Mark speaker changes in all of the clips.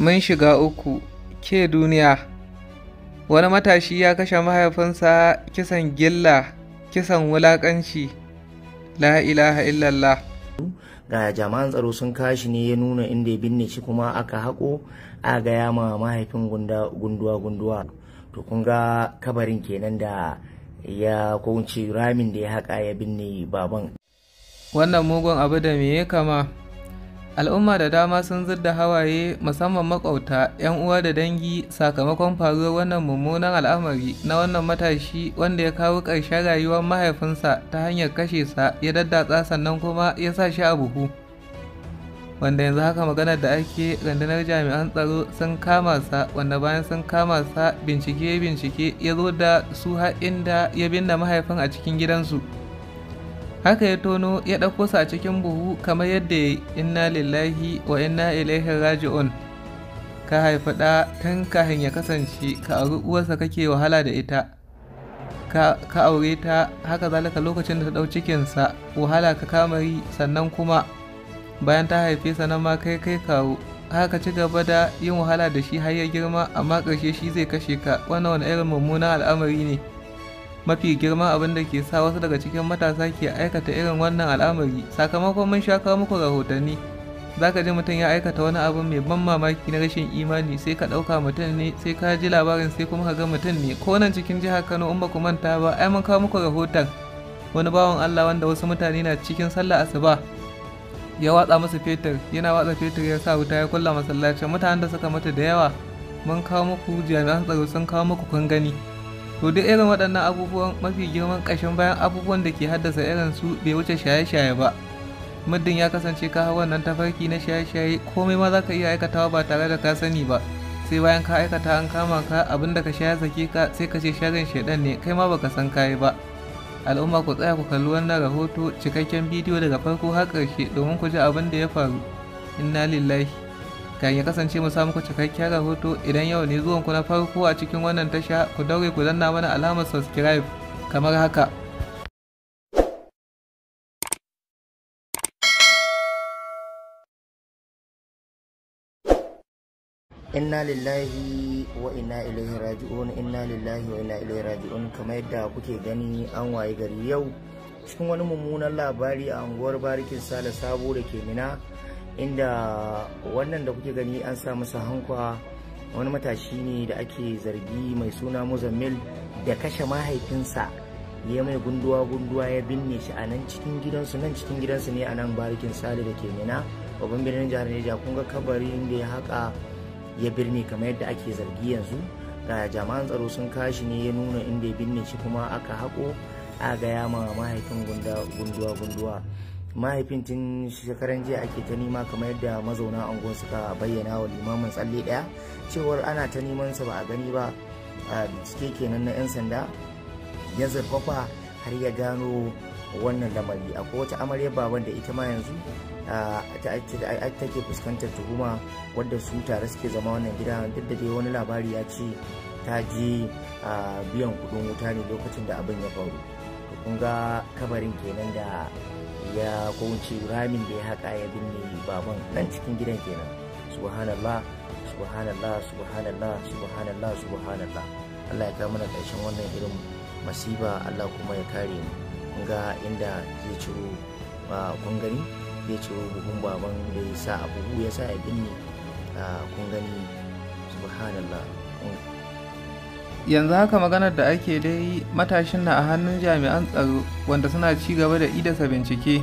Speaker 1: Mun shiga uku, ke duniya. Wani matashi ya kashe mahaifinsa kisan gilla, kisan wulaƙanci. La
Speaker 2: ilaha illallah. Ga jama'an tsaro sun kashi ne ya nuna inda ya binne shi kuma aka haƙo a gaya ma mahaifin gunduwa-gunduwa. To kun ga kabarin kenan da ya kunci ramin da ya haƙa ya binne baban. Wannan mugun abu da me ya kama? al'umma da dama sun da hawaye
Speaker 1: musamman makwabta 'yan uwa da dangi sakamakon faruwar wannan mummunan al'amari na wannan matashi wanda ya kawo ƙarshen rayuwar mahaifinsa ta hanyar kashe sa ya daddatsa sannan kuma ya sa shi a buhu wanda yanzu haka maganar da ake rundunar jami'an tsaro sun kama sa wanda bayan sun kama sa bincike bincike ya zo da su har inda ya binne mahaifin a cikin gidansu. haka ya tono ya ɗauko a cikin buhu kamar yadda ya inna lillahi wa inna ilaihi raji'un ka haifi ɗa tun kahin ya kasance ka auri uwarsa kake wahala da ita ka aure ta haka zalika lokacin da ta ɗau cikinsa wahala ka kamari sannan kuma bayan ta haife sannan ma kai kai kawo haka ci gaba da yin wahala da shi har ya girma amma ƙarshe shi zai kashe ka wannan wani irin mummunan al'amari ne mafi girma abin da ke sa wasu daga cikin matasa ke aikata irin wannan al'amari sakamakon mun sha kawo muku rahotanni Za ka ji mutum ya aikata wani abu mai ban mamaki na rashin imani sai ka ɗauka mutum ne sai ka ji labarin sai kuma ka ga mutum ne ko nan cikin jihar kano in ba ku manta ba ai mun kawo muku rahoton wani bawan allah wanda wasu mutane na cikin sallah asuba ya watsa musu fetur yana watsa fetur ya sa wuta ya kulla masallacin mutanen da suka mutu da yawa mun kawo muku jami'an tsaro sun kawo muku kun gani to duk irin waɗannan abubuwan mafi girman ƙashin bayan abubuwan da ke haddasa irin su bai wuce shaye-shaye ba muddin ya kasance ka hau wannan tafarki na shaye-shaye komai ma za ka iya aikatawa ba tare da ka sani ba sai bayan ka aikata an kama ka abin da ka sha ya ka sai ka ce sharin shaidan ne kai ma baka san kayi ba al'umma ku tsaya ku kalli wannan rahoto cikakken bidiyo daga farko har ƙarshe domin ku ji abin da ya faru inna lillahi kan ya kasance mu samu ku cikakkiyar rahoto idan yau ne zuwan ku na farko a cikin wannan tasha ku daure ku danna mana alamar subscribe kamar haka
Speaker 2: inna lillahi wa inna ilaihi raji'un inna lillahi wa inna ilaihi raji'un kamar yadda kuke gani an waye gari yau cikin wani mummunan labari a unguwar barikin sale sabo da ke mina inda wannan da kuke gani an sa masa hankwa wani matashi ne da ake zargi mai suna muzammil da kashe mahaifinsa ya mai gunduwa-gunduwa ya binne shi a nan cikin gidansu nan cikin gidansu ne a nan barikin sale da ke nina babban birnin jihar Neja kun ga kabarin da ya haka ya birne kamar yadda ake zargi yanzu ga jama'an tsaro sun kashi ne ya nuna inda ya binne shi kuma aka haƙo a ga ma mahaifin gunduwa-gunduwa mahaifin tun shekaran jiya ake ta nima kamar yadda mazauna angon suka bayyana wa limamin tsalle daya cewar ana ta neman sa ba a gani ba a cike kenan na 'yan sanda ya zurfafa har ya gano wannan lamari akwai wata amaryar baban da ita ma yanzu take fuskantar tuhuma wadda su tare suke zama wannan gida duk da dai wani labari ya ce ta je biyan kudin wuta ne lokacin da abin ya faru kun ga kabarin kenan da ya kowace ramin da ya haƙa ya binne baban nan cikin gidan kenan subhanallah subhanallah subhanallah subhanallah subhanallah Allah ya kama na ƙarshen wannan irin masiba Allah kuma ya kare mu ga inda zai ciro kun gani zai ciro buhun baban da ya sa abubu ya sa ya binne kun gani subhanallah
Speaker 1: yanzu haka maganar da ake dai matashin na a hannun jami'an tsaro wanda suna ci gaba da idasa bincike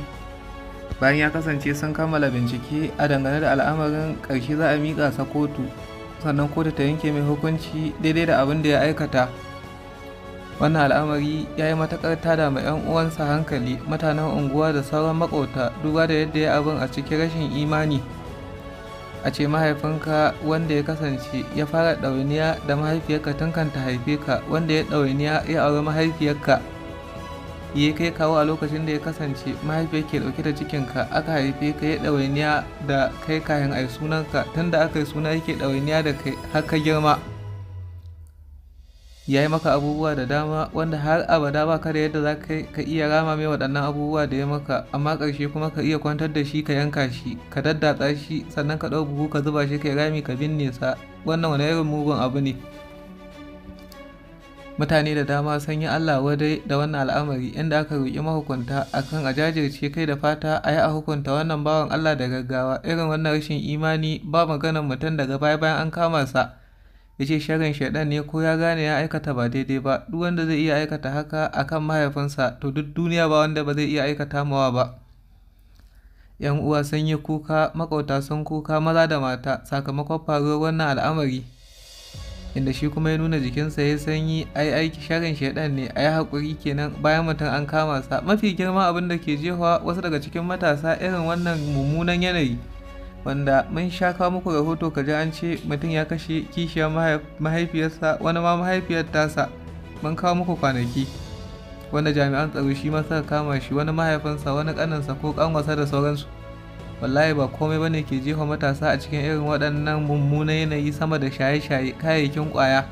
Speaker 1: bayan ya kasance sun kammala bincike a dangane da al'amarin ƙarshe za a miƙa sa kotu sannan kotu ta yanke mai hukunci daidai da abin da ya aikata wannan al'amari ya yi matakar tada ma 'yan uwansa hankali mutanen unguwa da sauran makauta duba da yadda ya abin a cikin rashin imani a ce mahaifinka wanda ya kasance ya fara ɗauniya da mahaifiyarka tun kan ta haife ka wanda ya ɗawainiya ya auri mahaifiyarka ya kai kawo a lokacin da ya kasance mahaifiyar ke ɗauke da cikinka aka haife ka ya ɗawainiya da kai kayan ai sunanka tun da aka yi suna yake ɗawainiya da kai har ka girma ya yi maka abubuwa da dama wanda har abada ba ka da yadda za ka iya rama mai waɗannan abubuwa da ya maka amma ƙarshe kuma ka iya kwantar da shi ka yanka shi ka daddatsa shi sannan ka ɗau buhu ka zuba shi ka rami ka binne sa wannan wani irin mugun abu ne mutane da dama sun yi Allah wadai da wannan al'amari inda aka roƙi mahukunta akan a jajirce kai da fata a yi a hukunta wannan bawan Allah da gaggawa irin wannan rashin imani ba maganar mutum daga baya bayan an kama sa ya ce shagan shaidan ne ko ya gane ya aikata ba daidai ba duk wanda zai iya aikata haka akan mahaifinsa to duk duniya ba wanda ba zai iya aikata mawa ba yan uwa sun yi kuka makauta sun kuka maza da mata sakamakon faruwar wannan al'amari inda shi kuma ya nuna jikinsa ya sanyi ai aiki sharin shaidan ne a yi haƙuri kenan bayan mutum an kama sa mafi girma abin da ke jefa wasu daga cikin matasa irin wannan mummunan yanayi wanda mun sha kawo muku rahoto ji an ce mutum ya kashe kishiyar mahaifiyarsa wani ma mahaifiyar tasa mun kawo muku kwanaki wanda jami'an tsaro shi ma suka kama shi wani mahaifinsa wani kaninsa ko kanwasa da sauransu wallahi ba komai bane ke jefa matasa a cikin irin waɗannan mummunan yanayi sama da shaye-shaye kayayyakin ƙwaya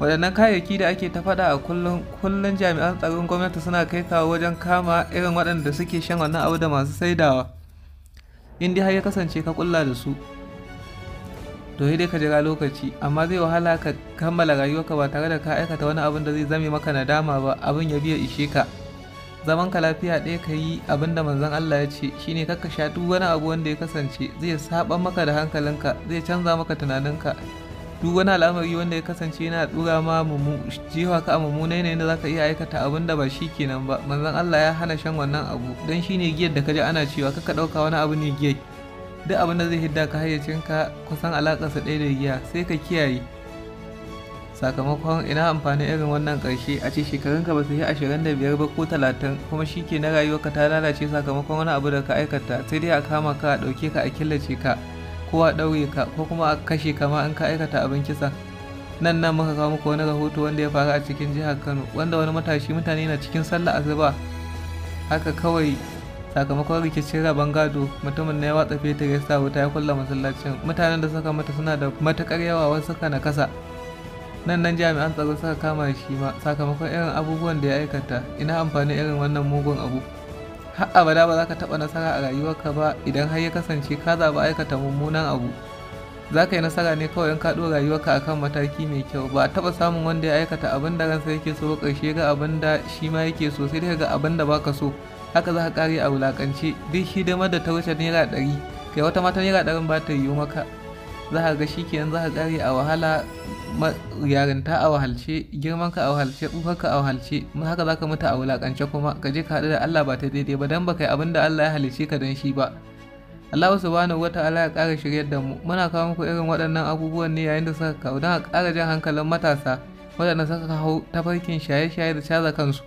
Speaker 1: waɗannan kayayyaki da ake ta faɗa a kullum kullum jami'an tsaron gwamnati suna kai kawo wajen kama irin waɗanda suke shan wannan abu da masu saidawa in dai har ya kasance ka kulla da su to dai ka jira lokaci amma zai wahala ka kammala rayuwarka ba tare da ka aikata wani abin da zai zame maka nadama ba abin ya biya ishe ka zaman ka lafiya ɗaya ka yi abin da manzon Allah ya ce shine kakka sha duk wani abu wanda ya kasance zai saba maka da hankalinka zai canza maka tunaninka duk wani al'amari wanda ya kasance yana dura ma jiwa ka mummunai ne da zaka iya aikata abin da ba shi kenan ba manzon Allah ya hana shan wannan abu dan shine giyar da kaje ana cewa kaka dauka wani abu ne giyar duk abin da zai hidda ka hayyacin ka kusan alakarsa ɗaya da giya sai ka kiyaye sakamakon ina amfanin irin wannan karshe? a ce shekarunka ba su yi ashirin da biyar ba ko talatin kuma shi ke na rayuwa ka ta lalace sakamakon wani abu da ka aikata sai dai a kama ka a ɗauke ka a killace ka ko a ɗaure ka ko kuma a kashe kama an ka aikata abin kisa nan nan muka kawo muku wani rahoto wanda ya faru a cikin jihar kano wanda wani matashi mutane na cikin sallah asuba haka kawai sakamakon rikicin rabon gado mutumin na ya watsa fetur ya sa wuta ya kulla masallacin mutanen da suka mata suna da matakar yawa wasu suka na kasa nan nan jami'an tsaro suka kama shi ma sakamakon irin abubuwan da ya aikata ina amfani irin wannan mugun abu har abada ba za ka taɓa nasara a rayuwarka ba idan har ya kasance ka zaɓi aikata mummunan abu za ka yi nasara ne kawai in ka ɗo rayuwarka a kan mataki mai kyau ba a taɓa samun wanda ya aikata abin da ransa yake so ƙarshe ga abin da shi ma yake so sai dai ga abin da baka so haka za ka ƙare a wulaƙance duk hidimar da ta wuce naira ɗari kai wata mata naira ɗarin ba ta yiwu maka za ka ga shikenan za ka kare a wahala yarinta a wahalce girman ka a wahalce ka a wahalce mu haka zaka mutu a wulakance kuma ka je ka haɗu da Allah ba ta daidai ba dan ba kai abin da Allah ya halice ka dan shi ba Allah subhanahu wa ta'ala ya ƙara shiryar da mu muna kawo muku irin waɗannan abubuwan ne yayin da suka kawo don a ƙara jan hankalin matasa waɗanda suka hau tafarkin shaye-shaye da caza kansu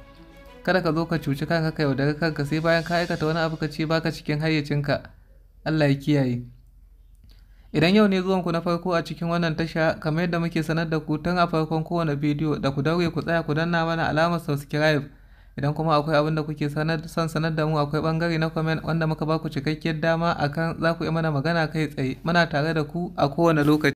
Speaker 1: kada ka zo ka cuci kanka ka yaudari kanka sai bayan ka aikata wani abu ka ce baka cikin hayyacinka Allah ya kiyaye Idan yau ne zuwanku na farko a cikin wannan tasha kamar yadda muke sanar da ku tun a farkon kowane bidiyo da ku daure ku tsaya ku danna mana alamar subscribe idan kuma akwai abin da kuke son sanar da mu akwai bangare na comment wanda muka ba ku cikakkiyar dama akan za ku yi mana magana kai tsaye muna tare da ku a kowane lokaci.